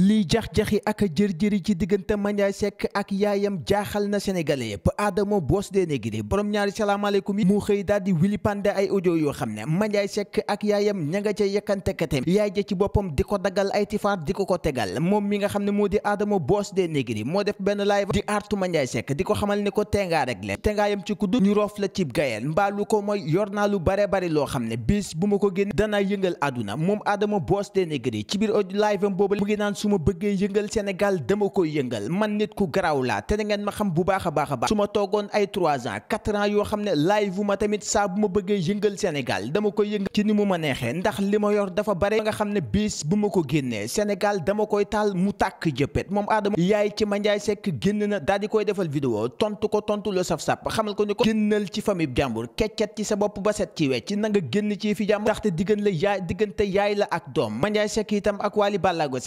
lii jax-jaxi ak jër-jëri ci diggante Mandiaye sekk ak yaayam jaaxal na sénégalais yëpp adama boos de Negri borom ñaari salaamaaleykum mu xëy daal di wili ay audio yoo xam ne Mandiaye Seck ak yaayam ña nga ca yekkantekate yaay ja ci boppam di ko daggal ay tifaar di ko ko tegal moom mi nga xam ne moo di Adamo Boss de Negri moo def benn live di artu Mandiaye sekk di ko xamal ni ko tengaa rek le tengaayam ci kudd ñu roof la cib gayel mbaa lu ko mooy yor naa lu bare bari loo xam ne bis bu ma ko génn danaa yëngal àdduna moom Adamo Boss de Negri ci biir live am boobu mu ngi naan ma bëggee yëngal Sénégal dama koy yëngal man nit ku garaaw laa te da ma xam bu baax a baax a su ma toogoon ay trois ans quatre ans yoo xam ne live bu ma tamit saa bu ma bëggee yëngal Sénégal dama koy yëngal ci ni mu ma neexee ndax li ma yor dafa bare nga xam ne bis bu ma ko génnee Sénégal dama koy taal mu tàkk jëppet moom aadama yaay ci Mandiaye sekk génn na daal di koy defal vidéo tontu ko tontu lo saf sap xamal ko ni ko génnal ci famille jàmbur keccet ci sa bopp ba set ci wecc génn ci fi jàmbur ndaxte diggante yaay diggante yaay la ak doom Mandiaye Seck ak Wally Ballago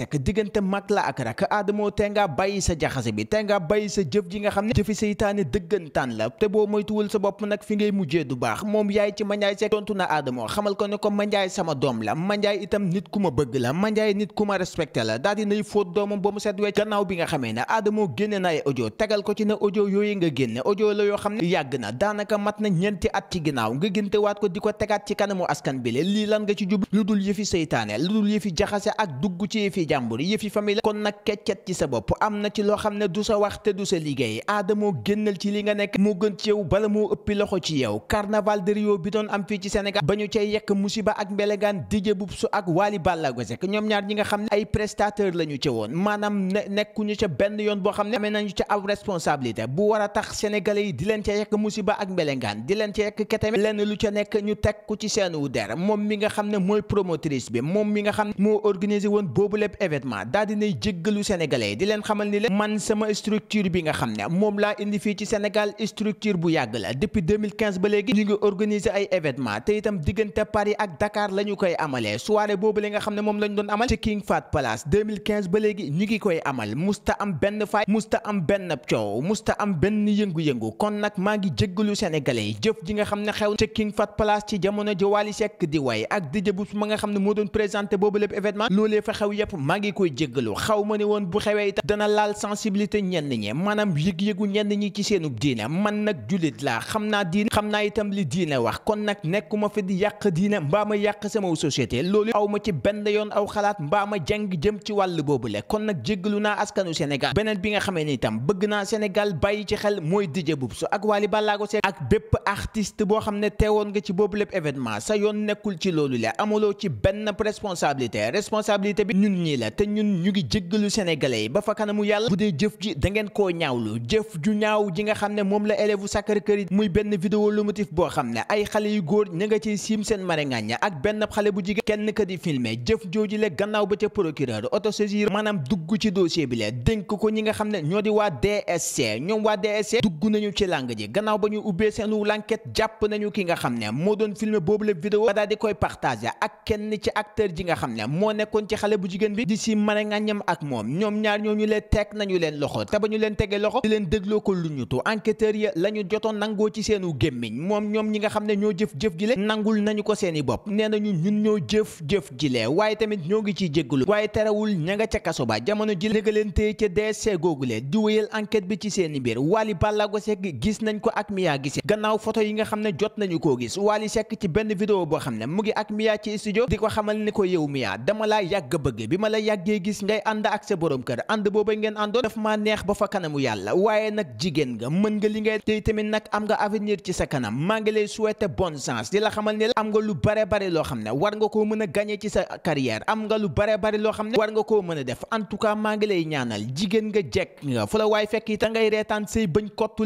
diggante mag la ak rak Adamo te nga bàyyi sa jaxase bi te nga bàyyi sa jëf ji nga xam ne jëfi seytaane dëggantaan la te boo moytuwul sa bopp nag fi ngay mujjee du baax moom yaay ci Mandiaye Seck tontu na Adamo xamal ko ne ko Mandiaye sama doom la Mandiaye itam nit ku ma bëgg la Mandiaye nit ku ma respecté la daal di nay fóot doomam ba mu set wecc gannaaw bi nga xamee ne Adamo génne na ay audio tegal ko ci ne audio yooyu nga génne audio la yoo xam ne yàgg na daanaka mat na ñeenti at ci ginnaaw nga génte waat ko di ko tegaat ci kanamu askan bi lii lan ci jub lu dul yëfi seytaane lu dul yëfi ak dugg yëfi famille la kon nag keccet ci sa bopp am na ci loo xam ne du sa wax te du sa liggéey aadamoo génnal ci li nga nekk moo gën ci yow bala moo ëppi loxo ci yow carnaval de Rio bi doon am fii ci Sénégal ba ñu cay yekk musiba ak mbelegaan Dj Boubsou ak Wally Ballago Seck ñoom ñaar ñi nga xam ne ay prestataire la ñu ca woon maanaam ne nekkuñu ca benn yoon boo xam ne me nañu ca aw responsabilité bu war a tax sénégalais yi di leen ca yekk musiba ak mbelengaan di leen ca yekk ketame lenn lu ca nekk ñu teg ku ci seen wu der moom mi nga xam ne mooy promotrice bi moom mi nga xam moo organisé woon boobu lépp daal dinay jéggalu sénégalais di leen xamal ni leen man sama structure bi nga xam ne moom laa indi fii ci Sénégal structure bu yàgg la depuis 2015 ba léegi ñu ngi organiser ay événement te itam diggante Paris ak Dakar la ñu koy amalee soirée booba la nga xam ne moom lañu doon amal ci King Fat Palace 2015 ba léegi ñu ngi koy amal musta am benn fay musta am benn coow musta am benn yëngu-yëngu kon nag maa ngi jéggalu sénégalais yi jëf ji nga xam ne xew ci King Fat Palace ci jamono ji Wally di way ak DJ ma nga xam ne moo doon présenté boobu lépp événement loolee fa xew yépp ngi koy jéggalu xaw ma ne woon bu xewee itam dana laal sensibilité ñenn ñi maanaam yëg-yëgu ñenn ñi ci seenub diine man nag jullit laa xam naa diine xam naa itam li diine wax kon nag nekkuma fi di yàq diine mbaa ma yàq sama société loolu aw ma ci benn yoon aw xalaat mbaa ma jàng jëm ci wàll boobu le kon nag lu naa askanu Sénégal beneen bi nga xamee ni itam bëgg naa Sénégal bàyyi ci xel mooy DJ Boubs ak Wally Ballago Seck ak bépp artiste boo xam ne te woon nga ci boobu lépp événement sa yoon nekkul ci ci benn responsabilité responsabilité bi ñun ñii la te ñun ñu ngi jéggalu sénégalais yi ba fa kanamu yàlla bu dee jëf ji da ngeen koo ñaawlu jëf ju ñaaw ji nga xam ne moom la élève Sacré-Cœur yi muy benn vidéo lomotif boo xam ne ay xale yu góor ña nga ciy siim seen mare ngañña ak benn xale bu jigéen kenn ka di filmer jëf jooju le gannaaw ba ca procureur autosaisir maanaam dugg ci dossier bi leen dénk ko ñi nga xam ne ñoo di waa DSC ñoom waa DSC dugg nañu ci làng ji gannaaw ba ñu ubbee seenu l'enquête jàpp nañu ki nga xam ne moo doon filmer boobu la vidéo daal di koy partager ak kenn ci acteur ji nga xam ne mane ngañam ak moom ñoom ñaar ñooñu leen teg nañu leen loxo te ba ñu leen tegee loxo leen dégloo ko lu ñutu enquêteurs ya la ñu jotoon nangoo ci seenu gémmiñ moom ñoom ñi nga xam ne ñoo jëf-jëf ji le nangul nañu ko seeni bopp nee nañu ñun ñoo jëf-jëf ji le waaye tamit ñoo ngi ciy jéggalu waaye terewul ña nga ca kaso ba jamono ji léegi leen téye ca DSC googule di wéyal enquête bi ci seeni biir Wally Ballago Seck gis nañ ko ak Mia Guissé gannaaw foto yi nga xam ne jot nañu koo gis Wally sekk ci benn vidéo boo xam ne mu ngi ak Mia ci studio di ko xamal ni ko yow Mia dama laa yàgg bëgg bi ma la yàggee gis ngay ànd ak sa borom kër ànd booba ngeen àndoon daf maa neex ba fa kanamu yàlla waaye nag jigéen nga mën nga li ngay tey tamit nag am nga avenir ci sa kanam maa ngi lay souhaiter bonne chance di xam ne war a gagner ci sa carrière am nga lu bare bare loo xam ne a def en tout cas maa ngi lay ñaanal jigéen nga la waay fekk yi ta ngay reetaan say bañ kottu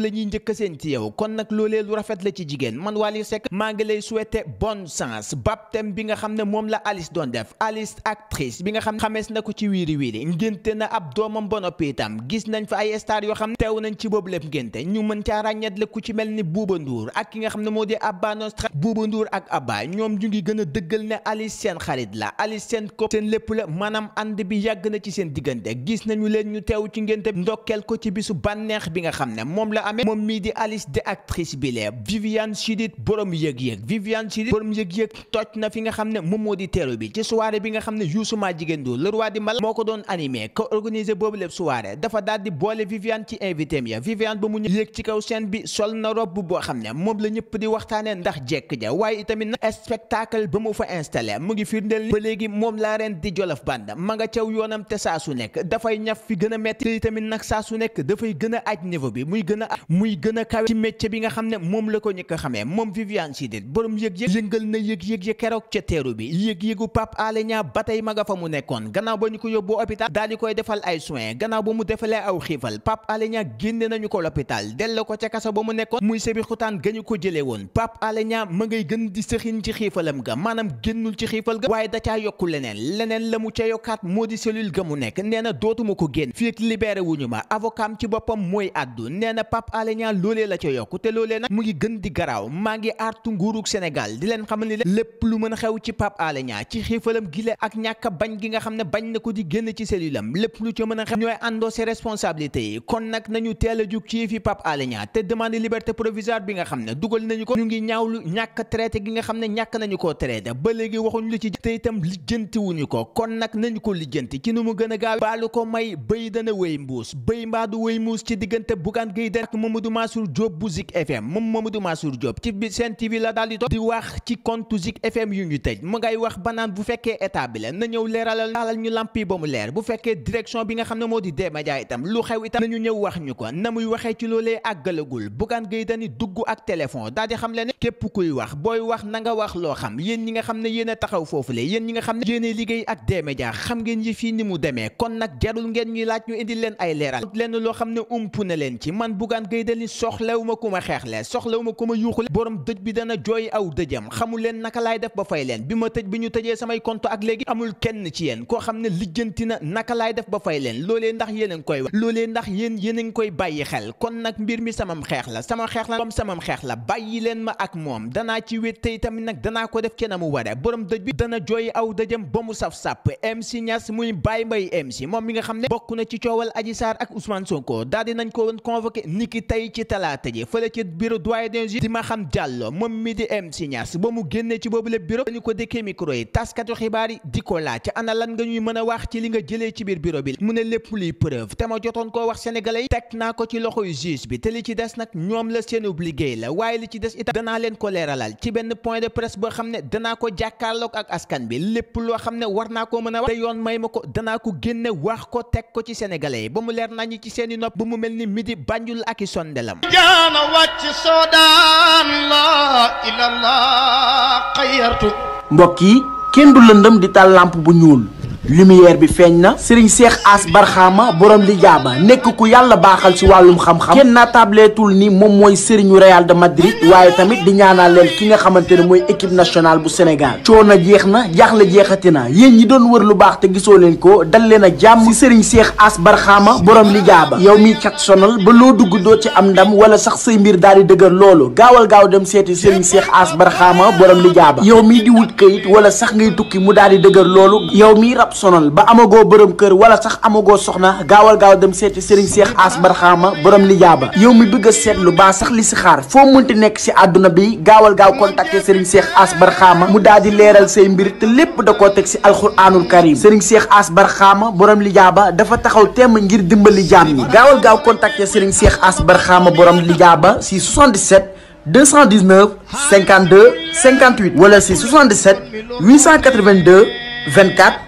bi nga xam ne moom la Alice doon def Alice actrice bi nga xam ne xamees na ko ci ci wiiri wiiri ngénte na ab doomam ba noppi itam gis nañ fa ay star yoo xam ne teew nañ ci boobu lépp ngénte ñu mën caa ràññeet la ku ci mel ni Bouba Ndour ak ki nga xam ne moo di Abba Nostra Bouba Ndour ak Abba ñoom ñu ngi gën a dëggal ne lépp maanaam ànd bi na ci seen diggante gis nañu leen ñu teew ci ngénte ndokkeel ko ci bi nga xam ne moom la di Alice di actrice bi lee Viviane Chidid borom yëg-yëg toj na fi nga xam ne moom moo di teeru bi ci soirée bi nga xam ne Youssou maa jigéen Ndour le di mala moo ko doon animé ko organisé boobu lépp soirée dafa daal di boole Viviane ci invité mi ya Viviane ba mu ñëw yéeg ci kaw scène bi sol na robe boo xam ne moom la ndax jekk ja waaye itamit na spectacle ba mu fa installé mu ngi firndeel ba léegi moom laa ren di jolof band ma nga caw yoonam te saa su nekk dafay ñaf fi gën a metti te itamit nag saa su nekk dafay gën a aj niveau bi muy gën a muy gën a kawe ci bi nga xam ne moom la ko ñëkk a xamee moom Viviane Chidid borom yëg-yëg yëngal na yëg-yëg ya keroog ca teeru bi yëg-yëgu Pape Alé Niang ba tey ma fa mu nekkoon gannaaw ba ñu ko ko yóbbu hôpital daal di koy defal ay soins gannaaw ba mu defalee aw xiifal Pape Alé génne nañu ko l'hôpital delloo ko ca kaso ba mu nekkoon muy Sébikotane gañu ko jëlee woon Pape Alé ma ngay gën di sëxiñ ci xiifalam ga maanaam génnul ci xiifal ga waaye da caa yokku leneen leneen la mu ca yokkaat moo di cellule ga mu nekk nee na dootuma ko génn fii ak libéré wuñu ma avocat ci boppam mooy addu nee na Pape Alé Niang loolee la ca yokku te loolee nag mu ngi gën di garaaw maa ngi artu nguurug Sénégal di leen xamal ni lépp lu a di génn ci cellulam lépp lu ci mën a xam ñooy àndoo ses responsabilités yi kon nag nañu teel a jug ci fi Pape Alé Niang te demande liberté provisoire bi nga xam ne dugal nañu ko ñu ngi ñaawlu ñàkk traité gi nga xam ne ñàkk nañu koo traité ba léegi waxuñu lu ci te itam lijjanti ko kon nag nañu ko lijjanti ci nu mu gën a gaaw baalu ko may bëy dana wéy mbuus bëy mbaadu wéy mbuus ci diggante Bougane Gueye Dany ak Mamadou Massour Diop bu Zik FM moom Mamadou Massour Diop ci bi la daal di toog di wax ci compte Zik FM yu ñu tëj mu ba mu leer bu fekkee direction bi nga xam ne moo di D-Media itam lu xew itam nañu ñëw wax ñu ko na muy waxee ci loolee àggalagul Bougane Gueye dugg ak téléphone daal xam le ne képp kuy wax booy wax na nga wax loo xam yéen ñi nga xam ne yéen a taxaw foofu le yéen ñi nga xam ne yéen a liggéey ak D-Media xam ngeen yi fii ni mu demee kon nag jarul ngeen ñuy laaj ñu indi leen ay leeral lenn loo xam ne ump na leen ci man Bougane Gueye Dany soxlawu ma ku ma xeexle soxlawu ma ku ma yuuxule borom dëj bi dana jooy aw dëjam xamul leen naka laay def ba fay leen bi ma lijjanti na naka laay def ba fay leen loolee ndax yéen a ngi koy wax loolee ndax koy bàyyi xel kon nag mbir mi samam xeex la sama xeex la comme samam xeex la bàyyi leen ma ak moom danaa ci wét te itamit nag danaa ko def kenn mu ware borom dëj bi dana jooy aw dëjëm ba mu saf sàpp MC Niass muy Baye Mbaye MC moom mi nga xam ne bokk na ci coowal Adji Sarr ak Ousmane Sonko daal di nañ ko woon convoqué niki tey ci talaata ji fële ci bureau doyen des juges di Maham Diallo moom mi di MC Niass ba mu génnee ci boobu le bureau dañu ko dékkee micro yi taskatu a wax ci li nga jëlee ci biir bureau bi mu ne lépp luy preuve te ma jotoon koo wax sénégalais yi teg naa ko ci loxoy juge bi te li ci des nag ñoom la seen obligé la waaye li ci des itam danaa leen ko leeralal ci benn point de presse boo xam ne danaa ko jàkkaarloog ak askan bi lépp loo xam ne war naa koo mën a wax te yoon may ma ko danaa ko génne wax ko teg ko ci sénégalais yi ba mu leer nañu ci seeni nopp ba mu mel ni midi bànjul ak i sondelam jaana wàcc soodaan la ilallah xayartu mbokk yi kenn du lëndëm di taal lamp bu ñuul lumière bi feeñ na sëriñ seex as barxaama borom li jaaba nekk ku yàlla baaxal ci wàllum xam-xam kenn naa tableetul ni moom mooy sëriñu Real de Madrid waaye tamit di ñaanal leen ki nga xamante ne mooy équipe nationale bu Sénégal coono jeex na jaaxle jeexati na yéen ñi doon wër lu baax te gisoo leen ko dal leen a jàmm ci sëriñ seex as barxaama borom li jaaba yow miy cat sonal ba loo dugg doo ci am ndam wala sax say mbir daal di dëgër loolu gaawal gaaw dem seeti sëriñ seex as barxaama borom li jaaba yow mii di wut wala sax ngay tukki mu daal di dëgër loolu yow mi sonal ba amagoo borom kër wala sax amagoo soxna gaawal gaaw dem seeti Serigne Cheikh Ass Barxaama borom ba yow mi bëgg a seetlu baa sax li si xaar foo munti nekk si àdduna bi gaawal gaaw contacter Serigne Cheikh Ass Barxaama mu daal di leeral say mbir te lépp koo teg si alxuraanul karim Serigne Cheikh Ass Barxaama borom lijaaba dafa taxaw temm ngir dimbali jàmm ñi gaawal gaaw contacter Serigne Cheikh Ass Barxaama borom lijaaba si 77 219 52 58 wala si 77 882 24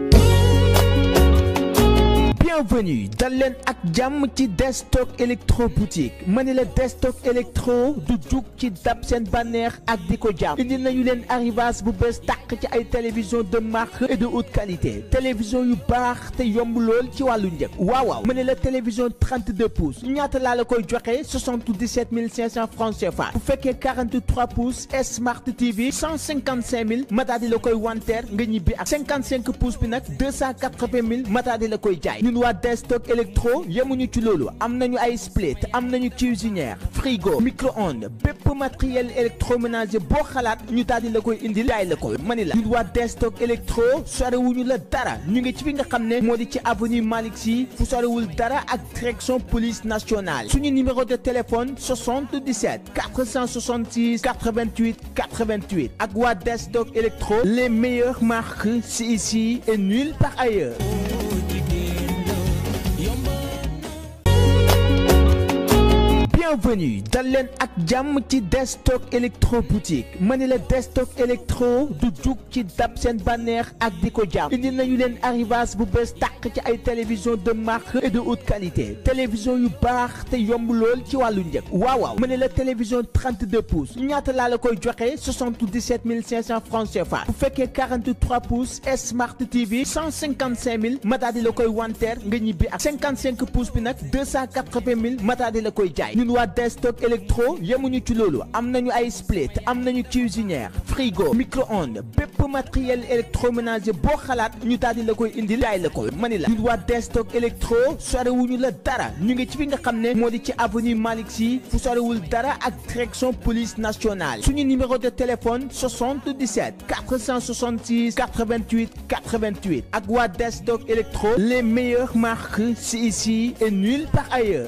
bienvenue dal leen ak jàmm ci destock électro boutique ma ni la destock électro du jug ci dab seen bànneex ak di ko jàmm indi nañu leen arrivage bu bees tàq ci ay télévision de marque et de haute qualité télévision yu baax te yomb lool ci wàllu njëg waaw waaw ma ni la télévision 32 pouces ñaata laa la koy joxe 77 500 francs CFA bu fekkee 43 pouces smart TV 155 000 ma daal di la koy wanteer nga ñibbi ak 55 pouces bi nag 280 000 ma daal di la koy jaay ñun waa waa Destock Electro yemuñu ci loolu am nañu ay split am nañu cuisinière frigo micro-ondes bépp matériel électroménager boo xalaat ñu daal di la koy indil jaay la ko mani la ñun waa Destock Electro sorewuñu la dara ñu ngi ci fi nga xam ne moo di ci avenue Malick Sy fu sorewul dara ak direction police nationale suñu numéro de téléphone 77 466 88 88 ak waa Destock Electro les meilleures marques c'est ici et nulle part ailleurs bienvenue dal leen ak jàmm ci destock électro boutique ma ni la destock électro du jug ci dab seen bànneex ak di ko jàmm indi nañu leen arrivage bu bees tàq ci ay télévision de marque et de haute qualité télévision yu baax te yomb lool ci wàllu njëg waaw waaw ma ni la télévision 32 ñaata laa la koy joxe 77 500 francs CFA bu fekkee 43 pouces smart TV 155 000 ma daal di la koy wanteer nga ñibbi ak 55 pouces bi nag 280 000 di la koy jaay ñun waa Destock Electro yemuñu ci loolu am nañu ay split am na ñu nañu cuisinière frigo micro-ondes bépp matériel électroménager boo xalaat ñu daal la koy indil jaay la ko mani la ñun waa Destock Electro sorewuñu la dara ñu ngi ci fi nga xam ne moo di ci avenue Malick Sy fu sorewul dara ak direction police nationale suñu numéro de téléphone 77 466 88 88 ak waa Destock Electro les meilleures marques c'est ici et nulle part ailleurs